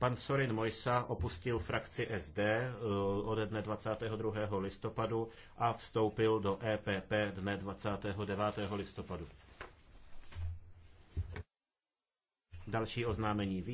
Pan Sorin Mojsa opustil frakci SD eh, ode dne 22. listopadu a vstoupil do EPP dne 29. listopadu. Další oznámení.